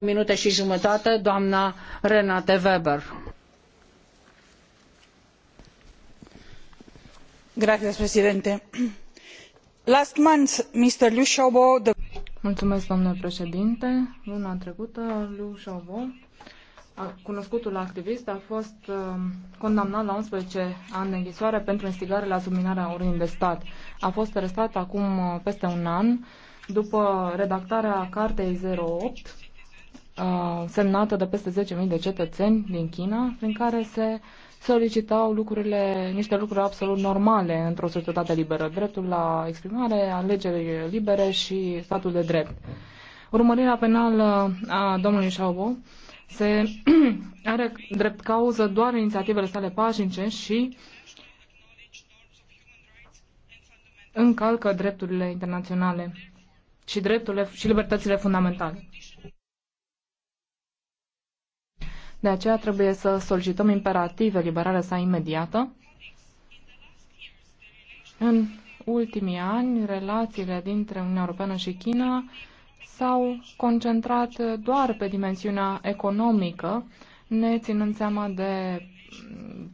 minute și jumătate, doamna Renate Weber. Gracias, presidente. Last month, Mr. Liu Xiaobo... The... Mulțumesc, doamnă președinte. Luna trecută, Liu Xiaobo, cunoscutul activist, a fost um, condamnat la 11 ani de închisoare pentru instigare la subminarea unui de stat. A fost arestat acum uh, peste un an după redactarea cartei 08 semnată de peste 10.000 de cetățeni din China, prin care se solicitau lucrurile, niște lucruri absolut normale într-o societate liberă, dreptul la exprimare, alegeri libere și statul de drept. Urmărirea penală a domnului Xiaobo se are drept cauză doar inițiativele sale pașnice și încalcă drepturile internaționale și drepturile și libertățile fundamentale. De aceea trebuie să solicităm imperativ eliberarea sa imediată. În ultimii ani, relațiile dintre Uniunea Europeană și China s-au concentrat doar pe dimensiunea economică, ne ținând seama de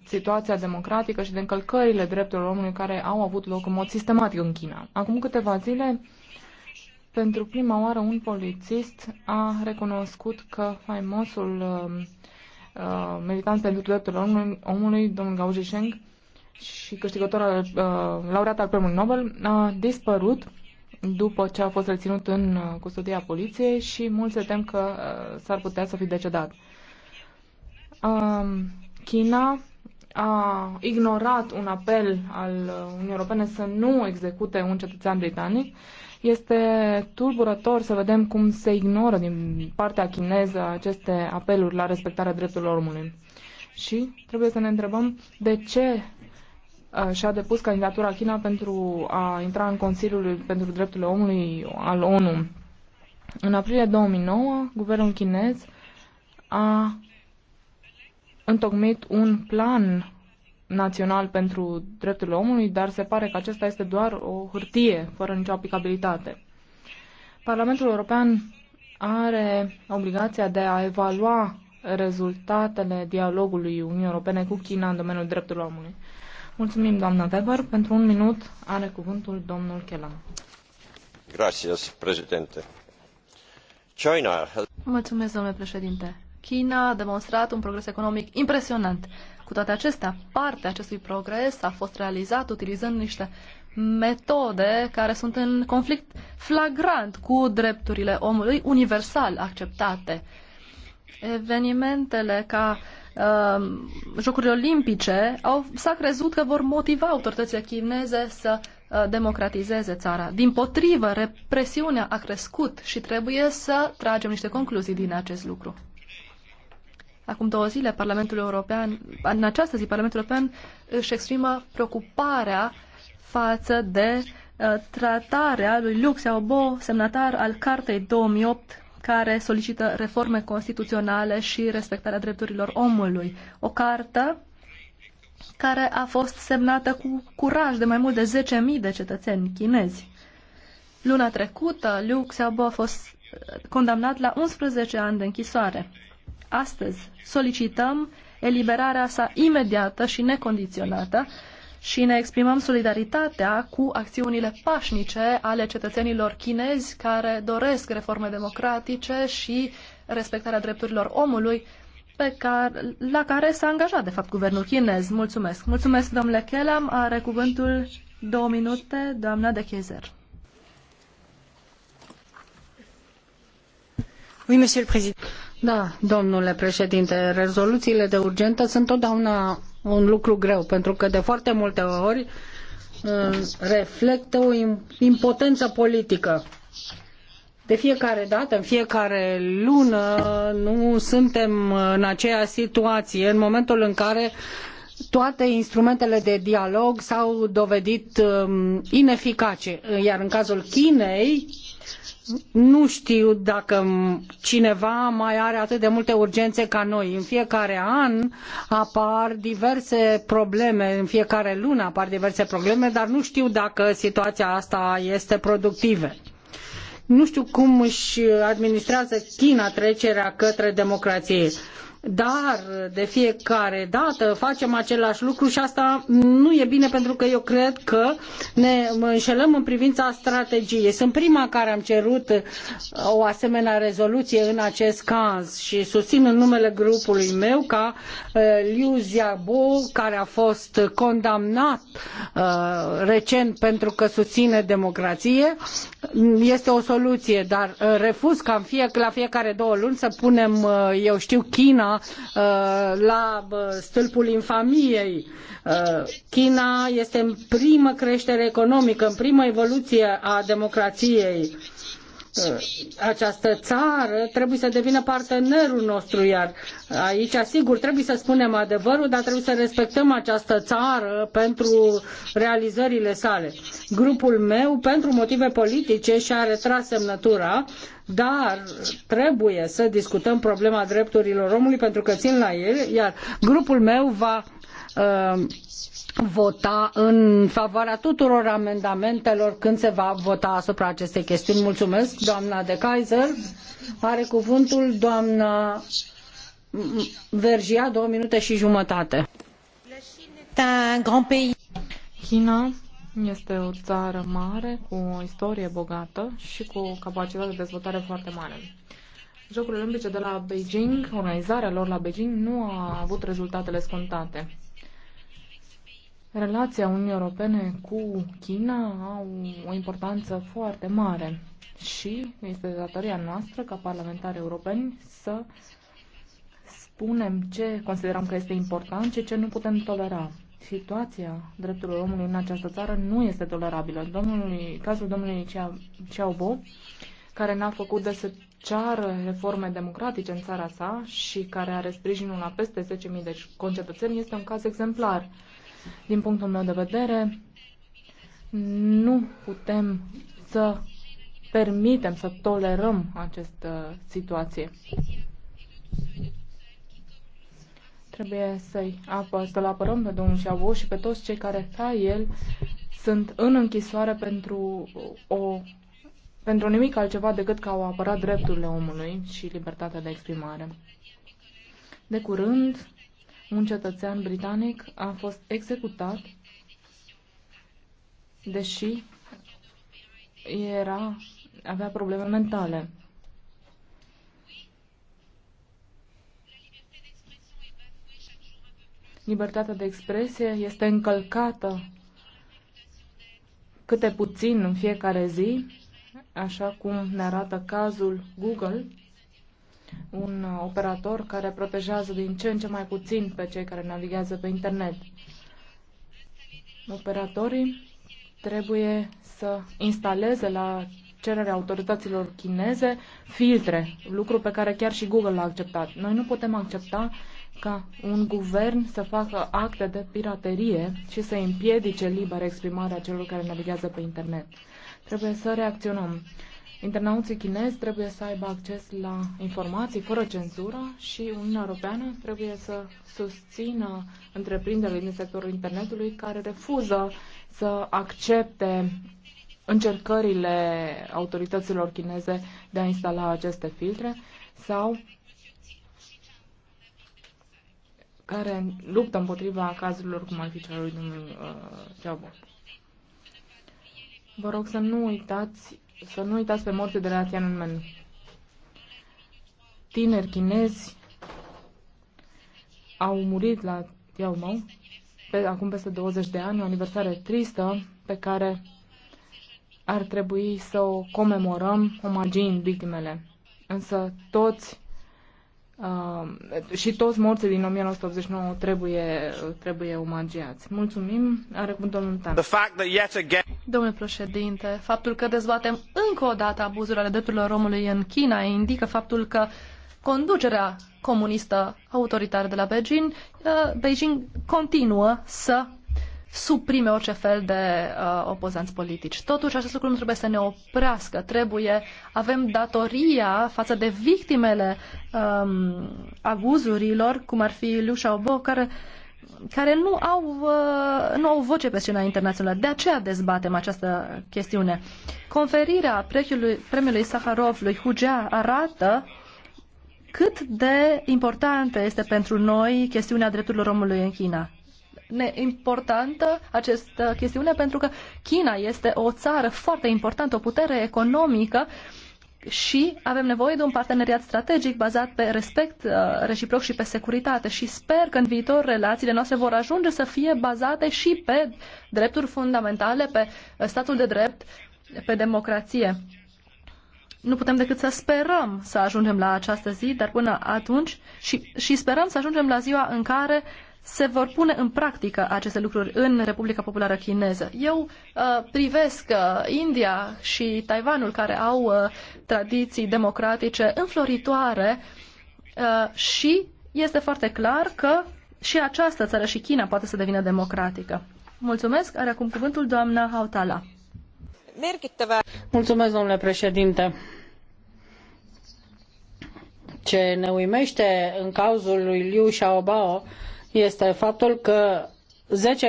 situația democratică și de încălcările drepturilor omului care au avut loc în mod sistematic în China. Acum câteva zile, pentru prima oară, un polițist a recunoscut că faimosul um, uh, militant pentru drepturile omului, omului domnul Gaujisheng, și câștigător al, uh, laureat al premiului Nobel, a dispărut după ce a fost reținut în uh, custodia poliției și mulți se tem că uh, s-ar putea să fi decedat. Uh, China a ignorat un apel al uh, Uniunii Europene să nu execute un cetățean britanic este tulburător să vedem cum se ignoră din partea chineză aceste apeluri la respectarea drepturilor omului. Și trebuie să ne întrebăm de ce uh, și-a depus candidatura China pentru a intra în Consiliul pentru Drepturile Omului al ONU. În aprilie 2009, guvernul chinez a întocmit un plan național pentru drepturile omului, dar se pare că acesta este doar o hârtie fără nicio aplicabilitate. Parlamentul European are obligația de a evalua rezultatele dialogului Uniunii Europene cu China în domeniul drepturilor omului. Mulțumim, doamna Weber. Pentru un minut are cuvântul domnul Chelan. Gracias, președinte. China... Mulțumesc, domnule președinte. China a demonstrat un progres economic impresionant cu toate acestea, partea acestui progres a fost realizat utilizând niște metode care sunt în conflict flagrant cu drepturile omului universal acceptate. Evenimentele ca uh, Jocurile Olimpice au, s-a crezut că vor motiva autoritățile chineze să uh, democratizeze țara. Din potrivă, represiunea a crescut și trebuie să tragem niște concluzii din acest lucru. Acum două zile, Parlamentul European, în această zi, Parlamentul European își exprimă preocuparea față de uh, tratarea lui Liu Xiaobo, semnatar al Cartei 2008, care solicită reforme constituționale și respectarea drepturilor omului. O cartă care a fost semnată cu curaj de mai mult de 10.000 de cetățeni chinezi. Luna trecută, Liu Xiaobo a fost condamnat la 11 ani de închisoare astăzi solicităm eliberarea sa imediată și necondiționată și ne exprimăm solidaritatea cu acțiunile pașnice ale cetățenilor chinezi care doresc reforme democratice și respectarea drepturilor omului pe care, la care s-a angajat, de fapt, guvernul chinez. Mulțumesc. Mulțumesc, domnule Kelam. Are cuvântul două minute, doamna de Chezer. Oui, monsieur le président. Da, domnule președinte, rezoluțiile de urgență sunt totdeauna un lucru greu, pentru că de foarte multe ori uh, reflectă o impotență politică. De fiecare dată, în fiecare lună, nu suntem în aceeași situație, în momentul în care toate instrumentele de dialog s-au dovedit um, ineficace. Iar în cazul Chinei, nu știu dacă cineva mai are atât de multe urgențe ca noi. În fiecare an apar diverse probleme, în fiecare lună apar diverse probleme, dar nu știu dacă situația asta este productivă. Nu știu cum își administrează China trecerea către democrație dar de fiecare dată facem același lucru și asta nu e bine pentru că eu cred că ne înșelăm în privința strategiei. Sunt prima care am cerut o asemenea rezoluție în acest caz și susțin în numele grupului meu ca uh, Liu Xiaobo, care a fost condamnat uh, recent pentru că susține democrație, este o soluție, dar uh, refuz ca la fiecare două luni să punem, eu știu, China Uh, la stâlpul infamiei. Uh, China este în primă creștere economică, în primă evoluție a democrației uh, această țară trebuie să devină partenerul nostru, iar aici, sigur, trebuie să spunem adevărul, dar trebuie să respectăm această țară pentru realizările sale. Grupul meu, pentru motive politice, și-a retras semnătura dar trebuie să discutăm problema drepturilor omului pentru că țin la ele, iar grupul meu va uh, vota în favoarea tuturor amendamentelor când se va vota asupra acestei chestiuni. Mulțumesc, doamna de Kaiser. Are cuvântul doamna Vergia, două minute și jumătate. China este o țară mare, cu o istorie bogată și cu o capacitate de dezvoltare foarte mare. Jocurile Olimpice de la Beijing, organizarea lor la Beijing, nu a avut rezultatele scontate. Relația Uniunii Europene cu China au o importanță foarte mare și este datoria noastră ca parlamentari europeni să spunem ce considerăm că este important și ce nu putem tolera situația drepturilor omului în această țară nu este tolerabilă. Domnului, cazul domnului Ceaubo, care n-a făcut decât ceară reforme democratice în țara sa și care are sprijinul la peste 10.000 de concetățeni, este un caz exemplar. Din punctul meu de vedere, nu putem să permitem, să tolerăm această situație. Trebuie să-i apă, să-l apărăm pe domnul Șabo și pe toți cei care, ca el, sunt în închisoare pentru o pentru nimic altceva decât că au apărat drepturile omului și libertatea de exprimare. De curând, un cetățean britanic a fost executat, deși era, avea probleme mentale. libertatea de expresie este încălcată câte puțin în fiecare zi, așa cum ne arată cazul Google, un operator care protejează din ce în ce mai puțin pe cei care navighează pe internet. Operatorii trebuie să instaleze la cererea autorităților chineze filtre, lucru pe care chiar și Google l-a acceptat. Noi nu putem accepta ca un guvern să facă acte de piraterie și să împiedice libera exprimarea celor care navighează pe internet. Trebuie să reacționăm. Internauții chinezi trebuie să aibă acces la informații fără cenzură și Uniunea Europeană trebuie să susțină întreprinderile din sectorul internetului care refuză să accepte încercările autorităților chineze de a instala aceste filtre sau care luptă împotriva cazurilor cum ar fi celui domnului uh, Ceabo. Vă rog să nu uitați, să nu uitați pe morții de la Tiananmen. Tineri chinezi au murit la Tiaomou pe, acum peste 20 de ani, o aniversare tristă pe care ar trebui să o comemorăm omagiind victimele. Însă toți Um, și toți morții din 1989 trebuie, trebuie umagiați. Mulțumim. Are cuvântul domnul Tan. Again... Domnule președinte, faptul că dezbatem încă o dată abuzurile ale drepturilor omului în China indică faptul că conducerea comunistă autoritară de la Beijing, uh, Beijing continuă să suprime orice fel de uh, opozanți politici. Totuși, acest lucru nu trebuie să ne oprească. Trebuie, avem datoria față de victimele um, abuzurilor, cum ar fi Liu Obo, care care nu au, uh, nu au voce pe scena internațională. De aceea dezbatem această chestiune. Conferirea premiului, premiului Saharov lui Hugea arată cât de importantă este pentru noi chestiunea drepturilor omului în China importantă această chestiune pentru că China este o țară foarte importantă, o putere economică și avem nevoie de un parteneriat strategic bazat pe respect uh, reciproc și pe securitate și sper că în viitor relațiile noastre vor ajunge să fie bazate și pe drepturi fundamentale, pe uh, statul de drept, pe democrație. Nu putem decât să sperăm să ajungem la această zi, dar până atunci și, și sperăm să ajungem la ziua în care se vor pune în practică aceste lucruri în Republica Populară Chineză. Eu uh, privesc uh, India și Taiwanul, care au uh, tradiții democratice înfloritoare uh, și este foarte clar că și această țară și China poate să devină democratică. Mulțumesc. Are acum cuvântul doamna Hautala. Mulțumesc, domnule președinte. Ce ne uimește în cauzul lui Liu Xiaobao este faptul că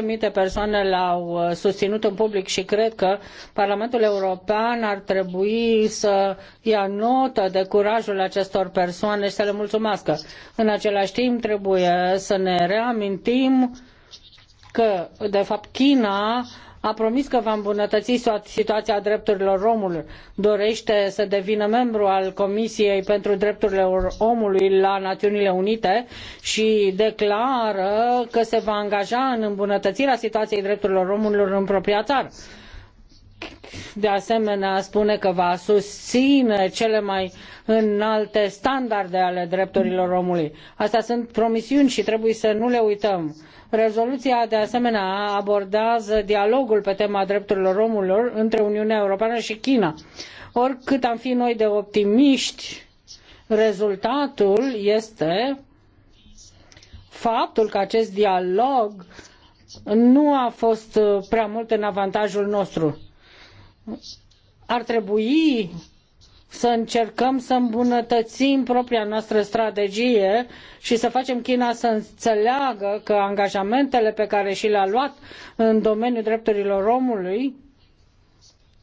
10.000 de persoane l-au uh, susținut în public și cred că Parlamentul European ar trebui să ia notă de curajul acestor persoane și să le mulțumească. În același timp trebuie să ne reamintim că, de fapt, China a promis că va îmbunătăți situația drepturilor omului, dorește să devină membru al Comisiei pentru Drepturile Omului la Națiunile Unite și declară că se va angaja în îmbunătățirea situației drepturilor omului în propria țară. De asemenea, spune că va susține cele mai înalte standarde ale drepturilor omului. Astea sunt promisiuni și trebuie să nu le uităm Rezoluția, de asemenea, abordează dialogul pe tema drepturilor omului între Uniunea Europeană și China. Oricât am fi noi de optimiști, rezultatul este faptul că acest dialog nu a fost prea mult în avantajul nostru. Ar trebui să încercăm să îmbunătățim propria noastră strategie și să facem China să înțeleagă că angajamentele pe care și le-a luat în domeniul drepturilor omului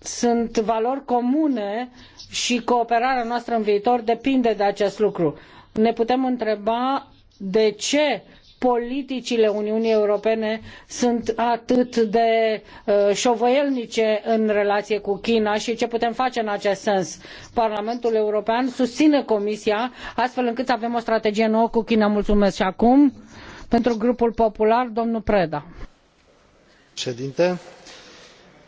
sunt valori comune și cooperarea noastră în viitor depinde de acest lucru. Ne putem întreba de ce politicile Uniunii Europene sunt atât de uh, șovăielnice în relație cu China și ce putem face în acest sens. Parlamentul European susține Comisia astfel încât să avem o strategie nouă cu China. Mulțumesc și acum pentru grupul popular, domnul Preda. Ședinte,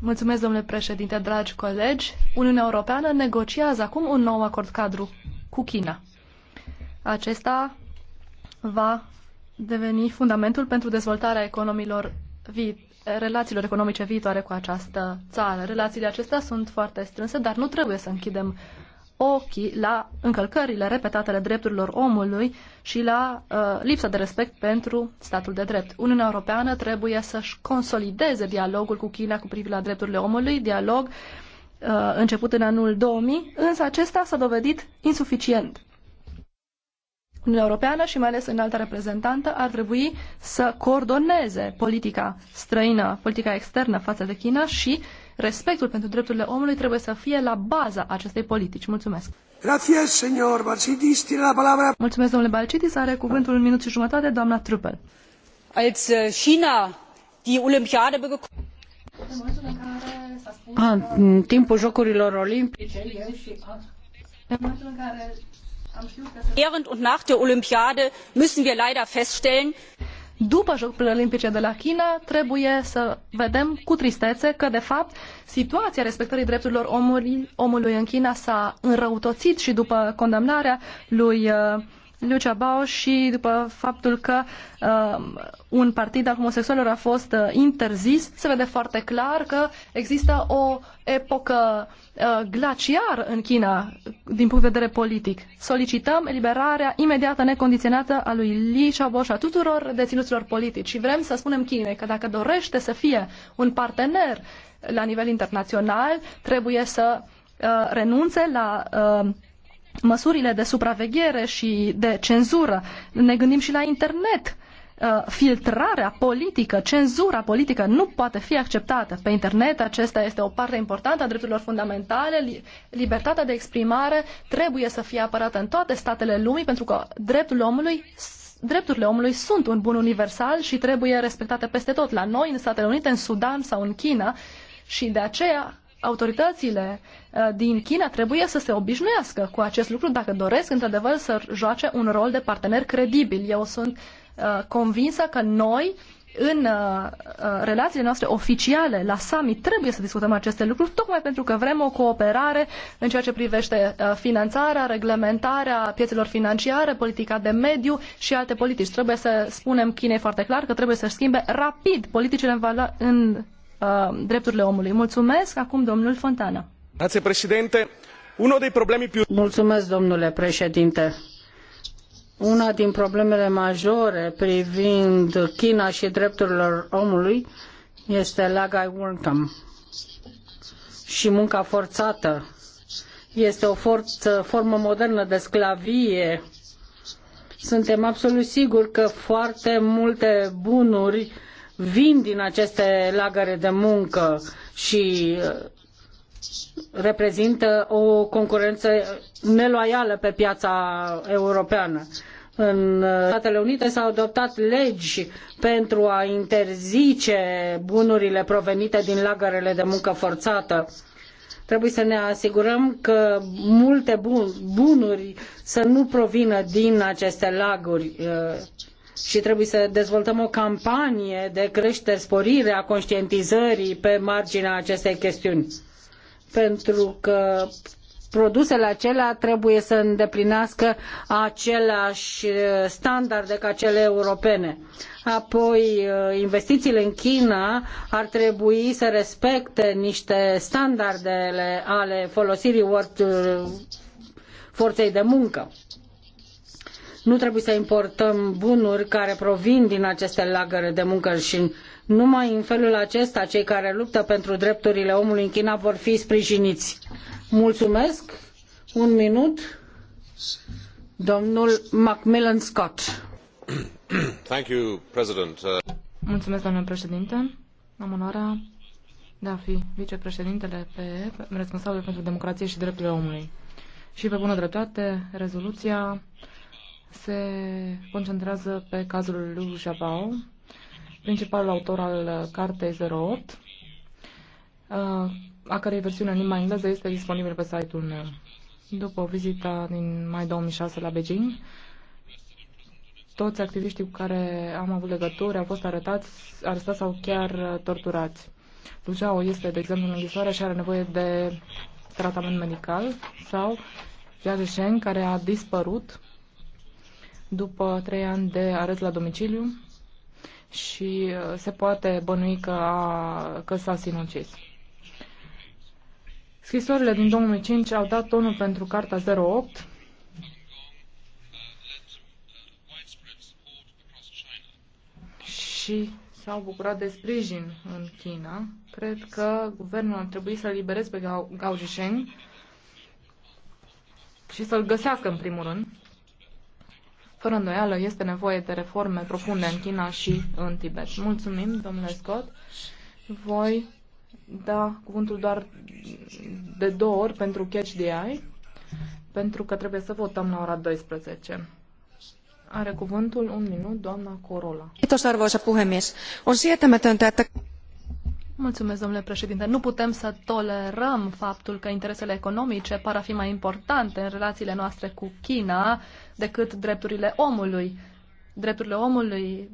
Mulțumesc, președinte, dragi colegi. Uniunea Europeană negociază acum un nou acord cadru cu China. Acesta va deveni fundamentul pentru dezvoltarea economiilor vi- relațiilor economice viitoare cu această țară. Relațiile acestea sunt foarte strânse, dar nu trebuie să închidem ochii la încălcările repetate ale drepturilor omului și la uh, lipsa de respect pentru statul de drept. Uniunea Europeană trebuie să-și consolideze dialogul cu China cu privire la drepturile omului, dialog uh, început în anul 2000, însă acesta s-a dovedit insuficient. Uniunea Europeană și mai ales în alta reprezentantă ar trebui să coordoneze politica străină, politica externă față de China și uh, respectul pentru drepturile omului trebuie să fie la baza acestei politici. Mulțumesc! Gracias, señor Tiene la palabra. Mulțumesc, domnule Balcidis. Are cuvântul un minut și jumătate, doamna Trupel. Als uh, China die Olympiade în timpul Jocurilor Olimpice, Während und nach der Olympiade müssen wir leider feststellen, după Jocurile Olimpice de la China, trebuie să vedem cu tristețe că, de fapt, situația respectării drepturilor omului, omului în China s-a înrăutățit și după condamnarea lui uh, Liu Bao și după faptul că uh, un partid al homosexualilor a fost uh, interzis, se vede foarte clar că există o epocă uh, glaciar în China din punct de vedere politic. Solicităm eliberarea imediată, necondiționată a lui Li Xiaobo și a tuturor deținuților politici și vrem să spunem Chinei că dacă dorește să fie un partener la nivel internațional, trebuie să uh, renunțe la uh, măsurile de supraveghere și de cenzură. Ne gândim și la internet. Uh, filtrarea politică, cenzura politică nu poate fi acceptată. Pe internet acesta este o parte importantă a drepturilor fundamentale. Libertatea de exprimare trebuie să fie apărată în toate statele lumii pentru că dreptul omului drepturile omului sunt un bun universal și trebuie respectate peste tot, la noi, în Statele Unite, în Sudan sau în China și de aceea autoritățile uh, din China trebuie să se obișnuiască cu acest lucru dacă doresc într-adevăr să joace un rol de partener credibil. Eu sunt uh, convinsă că noi în uh, relațiile noastre oficiale la summit trebuie să discutăm aceste lucruri, tocmai pentru că vrem o cooperare în ceea ce privește finanțarea, reglementarea piețelor financiare, politica de mediu și alte politici. Trebuie să spunem Chinei foarte clar că trebuie să schimbe rapid politicile în, în Uh, drepturile omului. Mulțumesc. Acum domnul Fontana. Grazie, președinte. Uno dei problemi più... Mulțumesc, domnule președinte. Una din problemele majore privind China și drepturile omului este lagai Workham și munca forțată. Este o forță, formă modernă de sclavie. Suntem absolut siguri că foarte multe bunuri vin din aceste lagăre de muncă și uh, reprezintă o concurență neloială pe piața europeană. În uh, Statele Unite s-au adoptat legi pentru a interzice bunurile provenite din lagărele de muncă forțată. Trebuie să ne asigurăm că multe bunuri să nu provină din aceste laguri. Uh, și trebuie să dezvoltăm o campanie de creștere, sporire a conștientizării pe marginea acestei chestiuni. Pentru că produsele acelea trebuie să îndeplinească aceleași eh, standarde ca cele europene. Apoi, eh, investițiile în China ar trebui să respecte niște standarde ale folosirii eh, forței de muncă. Nu trebuie să importăm bunuri care provin din aceste lagăre de muncă și numai în felul acesta cei care luptă pentru drepturile omului în China vor fi sprijiniți. Mulțumesc. Un minut. Domnul Macmillan Scott. Thank you, President. Mulțumesc, domnule președinte. Am onoarea de a fi vicepreședintele PE, responsabil pentru democrație și drepturile omului. Și pe bună dreptate, rezoluția se concentrează pe cazul lui Jabao, principalul autor al cartei 08, uh, a cărei versiune în limba engleză este disponibilă pe site-ul meu. După o vizită din mai 2006 la Beijing, toți activiștii cu care am avut legături au fost arătați, arestați sau chiar torturați. Lujao este, de exemplu, în închisoare și are nevoie de tratament medical sau Jia care a dispărut după trei ani de arest la domiciliu și uh, se poate bănui că, a, că s-a sinucis. Scrisorile din 2005 au dat tonul pentru Carta 08, și s-au bucurat de sprijin în China. Cred că guvernul ar trebui să-l libereze pe Gao Zhisheng și să-l găsească în primul rând fără îndoială, este nevoie de reforme profunde în China și în Tibet. Mulțumim, domnule Scott. Voi da cuvântul doar de două ori pentru catch the eye, pentru că trebuie să votăm la ora 12. Are cuvântul un minut doamna Corola. Kiitos arvoisa puhemies. On sietämätöntä, että Mulțumesc, domnule președinte. Nu putem să tolerăm faptul că interesele economice par a fi mai importante în relațiile noastre cu China decât drepturile omului. Drepturile omului,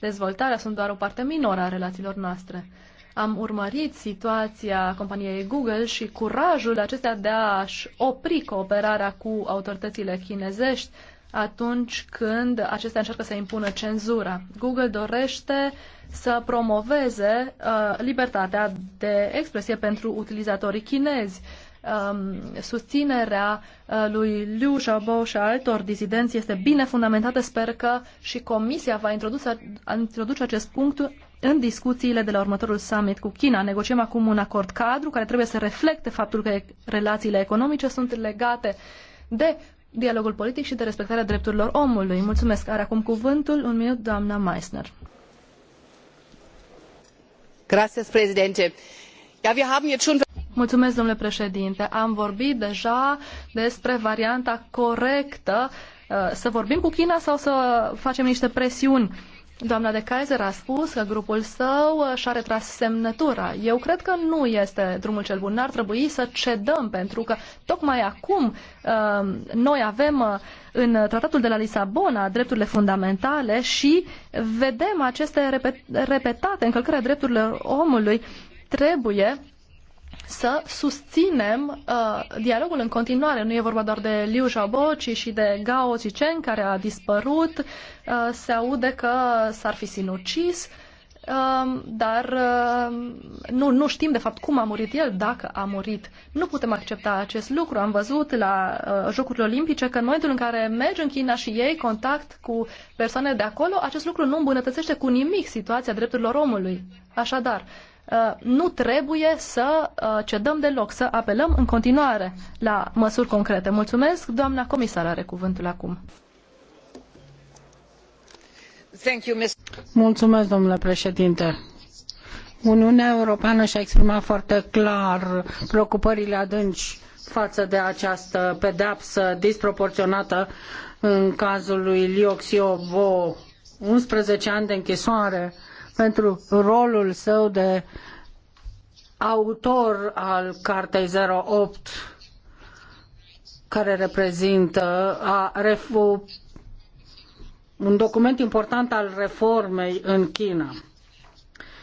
dezvoltarea sunt doar o parte minoră a relațiilor noastre. Am urmărit situația companiei Google și curajul acestea de a-și opri cooperarea cu autoritățile chinezești atunci când acestea încearcă să impună cenzura. Google dorește să promoveze uh, libertatea de expresie pentru utilizatorii chinezi. Um, susținerea uh, lui Liu Xiaobo și altor dizidenți este bine fundamentată. Sper că și Comisia va introduce, introduce acest punct în discuțiile de la următorul summit cu China. Negociem acum un acord cadru care trebuie să reflecte faptul că relațiile economice sunt legate de dialogul politic și de respectarea drepturilor omului. Mulțumesc. Are acum cuvântul un minut doamna Meissner. Gracias, președinte. Ja, wir haben jetzt schon... Mulțumesc, domnule președinte. Am vorbit deja despre varianta corectă uh, să vorbim cu China sau să facem niște presiuni Doamna de Kaiser a spus că grupul său uh, și-a retras semnătura. Eu cred că nu este drumul cel bun. N-ar trebui să cedăm, pentru că tocmai acum uh, noi avem uh, în tratatul de la Lisabona drepturile fundamentale și vedem aceste repetate încălcări a drepturilor omului. Trebuie să susținem uh, dialogul în continuare. Nu e vorba doar de Liu Xiaobo, ci și de Gao Zicen, care a dispărut. Uh, se aude că s-ar fi sinucis, uh, dar uh, nu, nu știm de fapt cum a murit el, dacă a murit. Nu putem accepta acest lucru. Am văzut la uh, Jocurile Olimpice că în momentul în care mergi în China și ei contact cu persoane de acolo, acest lucru nu îmbunătățește cu nimic situația drepturilor omului. Așadar, uh, Uh, nu trebuie să uh, cedăm deloc, să apelăm în continuare la măsuri concrete. Mulțumesc. Doamna comisar are cuvântul acum. Mulțumesc, domnule președinte. Uniunea Europeană și-a exprimat foarte clar preocupările adânci față de această pedeapsă disproporționată în cazul lui Liu Bo, 11 ani de închisoare uh, pentru rolul său de autor al Cartei 08, care reprezintă a un document important al reformei în China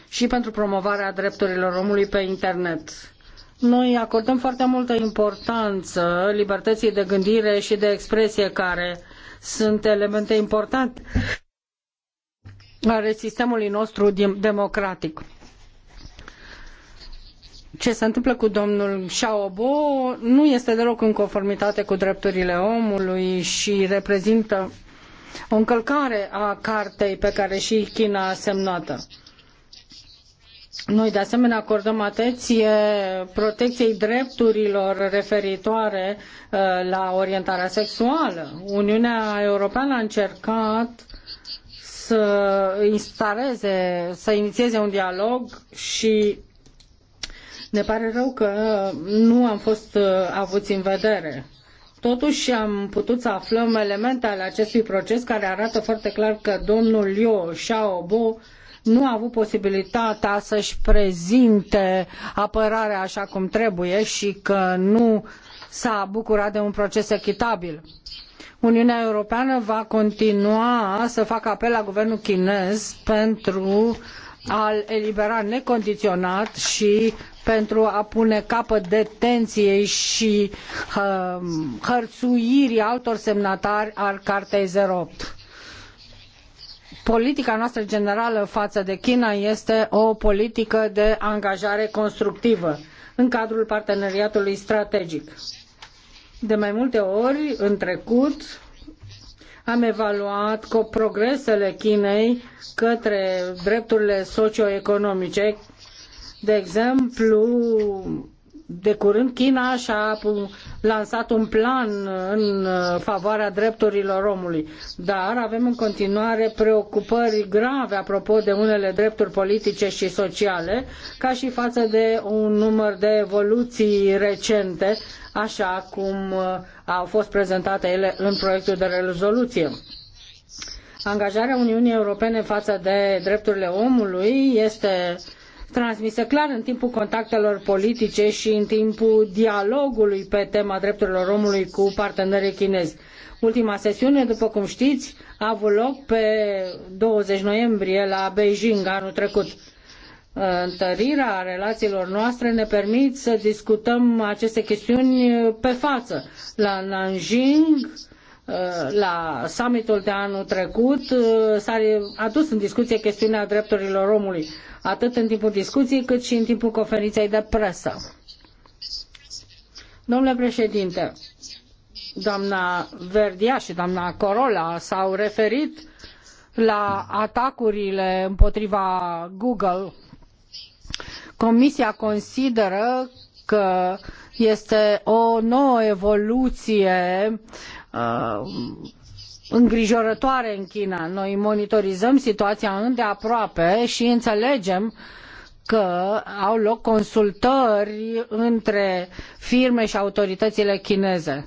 și pentru promovarea drepturilor omului pe internet. Noi acordăm foarte multă importanță libertății de gândire și de expresie care sunt elemente importante ale sistemului nostru democratic. Ce se întâmplă cu domnul Xiaobo nu este deloc în conformitate cu drepturile omului și reprezintă o încălcare a cartei pe care și China a semnat-o. Noi, de asemenea, acordăm atenție protecției drepturilor referitoare uh, la orientarea sexuală. Uniunea Europeană a încercat uh, să instaleze, să inițieze un dialog și ne pare rău că nu am fost uh, avuți în vedere. Totuși am putut să aflăm elemente ale acestui proces care arată foarte clar că domnul Liu Xiaobo nu a avut posibilitatea să-și prezinte apărarea așa cum trebuie și că nu s-a bucurat de un proces echitabil Uniunea Europeană va continua să facă apel la guvernul chinez pentru a-l elibera necondiționat și pentru a pune capăt detenției și uh, hărțuirii altor semnatari al Cartei 08 politica noastră generală față de China este o politică de angajare constructivă în cadrul parteneriatului strategic. De mai multe ori în trecut am evaluat cu progresele Chinei către drepturile socioeconomice, de exemplu, de curând China și-a lansat un plan în favoarea drepturilor omului, dar avem în continuare preocupări grave apropo de unele drepturi politice și sociale, ca și față de un număr de evoluții recente, așa cum uh, au fost prezentate ele în proiectul de rezoluție. Angajarea Uniunii Europene față de drepturile omului este uh, transmisă clar în timpul contactelor politice și în timpul dialogului pe tema drepturilor omului cu partenerii chinezi. Ultima sesiune, după cum știți, a avut loc pe 20 noiembrie la Beijing anul trecut. Întărirea relațiilor noastre ne permite să discutăm aceste chestiuni pe față. La Nanjing, Uh, la summitul de anul trecut uh, s-a adus în discuție chestiunea drepturilor omului, atât în timpul discuției cât și în timpul conferinței de presă. Domnule președinte, doamna Verdia și doamna Corola s-au referit la atacurile împotriva Google. Comisia consideră că este o nouă evoluție Uh, îngrijorătoare în China. Noi monitorizăm situația îndeaproape și înțelegem că au loc consultări între firme și autoritățile chineze.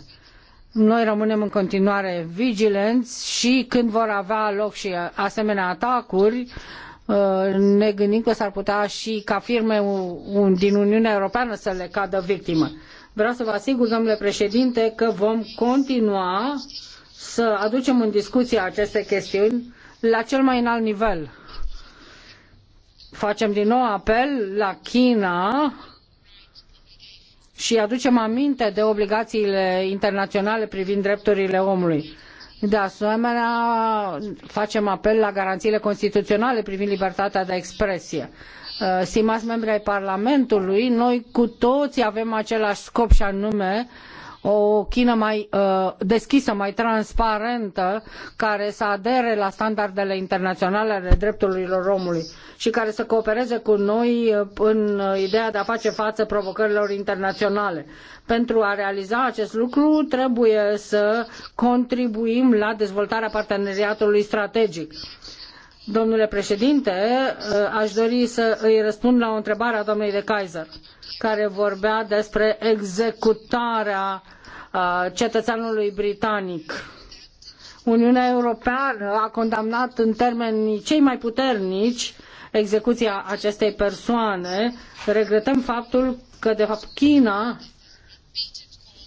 Noi rămânem în continuare vigilenți și când vor avea loc și asemenea atacuri, uh, ne gândim că s-ar putea și ca firme din Uniunea Europeană să le cadă victimă. Vreau să vă asigur, domnule președinte, că vom continua să aducem în discuție aceste chestiuni la cel mai înalt nivel. Facem din nou apel la China și aducem aminte de obligațiile internaționale privind drepturile omului. De asemenea, facem apel la garanțiile constituționale privind libertatea de expresie. Uh, stimați membri ai Parlamentului, noi cu toții avem același scop și anume o Chină mai uh, deschisă, mai transparentă, care să adere la standardele internaționale ale drepturilor omului și care să coopereze cu noi uh, în ideea de a face față provocărilor internaționale. Pentru a realiza acest lucru trebuie să contribuim la dezvoltarea parteneriatului strategic Domnule președinte, ă, aș dori să îi răspund la o întrebare a doamnei de Kaiser, care vorbea despre executarea ă, cetățeanului britanic. Uniunea Europeană a condamnat în termenii cei mai puternici execuția acestei persoane. Regretăm faptul că, de fapt, China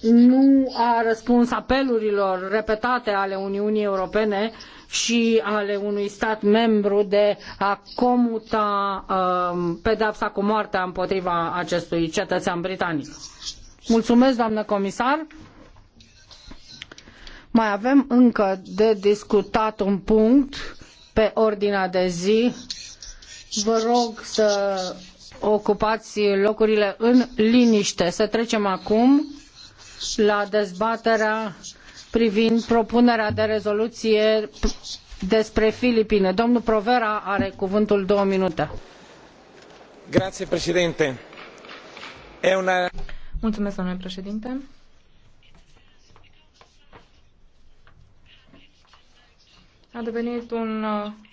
nu a răspuns apelurilor repetate ale Uniunii Europene uh, și ale unui stat membru de a comuta um, pedapsa cu moartea împotriva acestui cetățean britanic. Mulțumesc, doamnă comisar. Mai avem încă de discutat un punct pe ordinea de zi. Vă rog să ocupați locurile în liniște. Să trecem acum la dezbaterea privind propunerea de rezoluție despre Filipine. Domnul Provera are cuvântul două minute. Grazie, președinte. Una... Mulțumesc, domnule președinte. A devenit un uh,